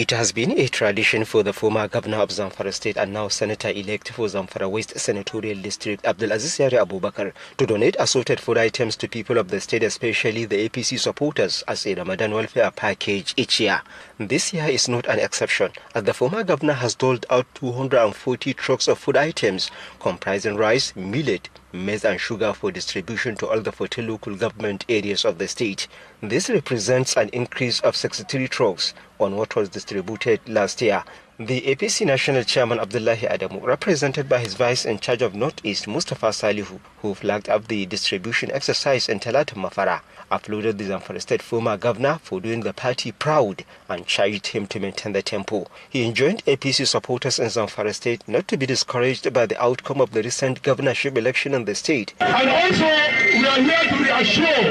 It has been a tradition for the former governor of Zamfara state and now senator-elect for Zamfara West Senatorial District Abdulaziz Yari Abubakar to donate assorted food items to people of the state, especially the APC supporters, as a Ramadan welfare package each year. This year is not an exception, as the former governor has doled out 240 trucks of food items comprising rice, millet, maize and sugar for distribution to all the 40 local government areas of the state. This represents an increase of 63 trucks on what was distributed last year. The APC National Chairman Abdullahi Adamu, represented by his vice in charge of Northeast Mustafa Salihu, who flagged up the distribution exercise in Talata Mafara, applauded the Zamfara State former governor for doing the party proud and charged him to maintain the tempo. He enjoined APC supporters in Zamfara State not to be discouraged by the outcome of the recent governorship election in the state. And also, we are here to reassure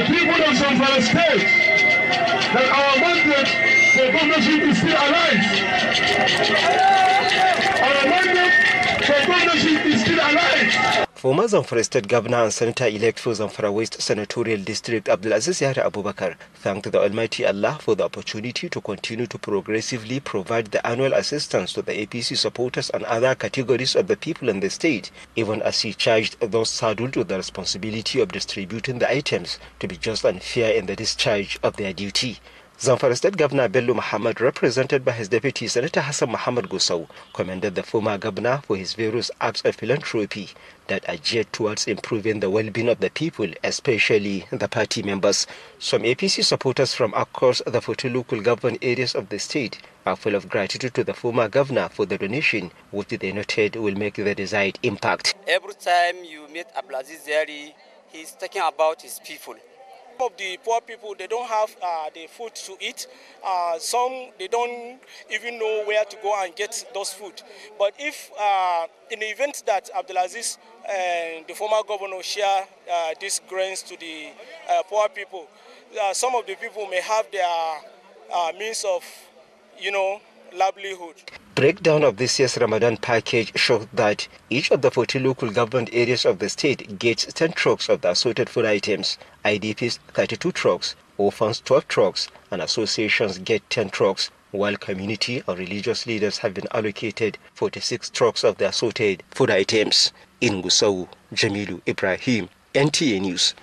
the people of Zamfara State that our mandate for partnership is still alive. Our mandate for partnership Former Zamfara State Governor and Senator-elect for Zamfara West Senatorial District Abdulaziz Yari Abubakar thanked the Almighty Allah for the opportunity to continue to progressively provide the annual assistance to the APC supporters and other categories of the people in the state, even as he charged those saddled with the responsibility of distributing the items to be just and fair in the discharge of their duty. Zamfara State Governor Bello Muhammad, represented by his deputy Senator Hassan Muhammad Gusau, commended the former governor for his various acts of philanthropy that are geared towards improving the well-being of the people, especially the party members. Some APC supporters from across the 40 local government areas of the state are full of gratitude to the former governor for the donation, which they noted will make the desired impact. Every time you meet Abdulaziz Zeri, he's talking about his people. Some of the poor people, they don't have uh, the food to eat. Uh, some, they don't even know where to go and get those food. But if, uh, in the event that Abdulaziz and the former governor share uh, these grains to the uh, poor people, uh, some of the people may have their means of, you know, livelihood. Breakdown of this year's Ramadan package showed that each of the 40 local government areas of the state gets 10 trucks of the assorted food items, IDPs 32 trucks, orphans 12 trucks, and associations get 10 trucks, while community or religious leaders have been allocated 46 trucks of the assorted food items. In Gusau, Jamilu Ibrahim, NTA News.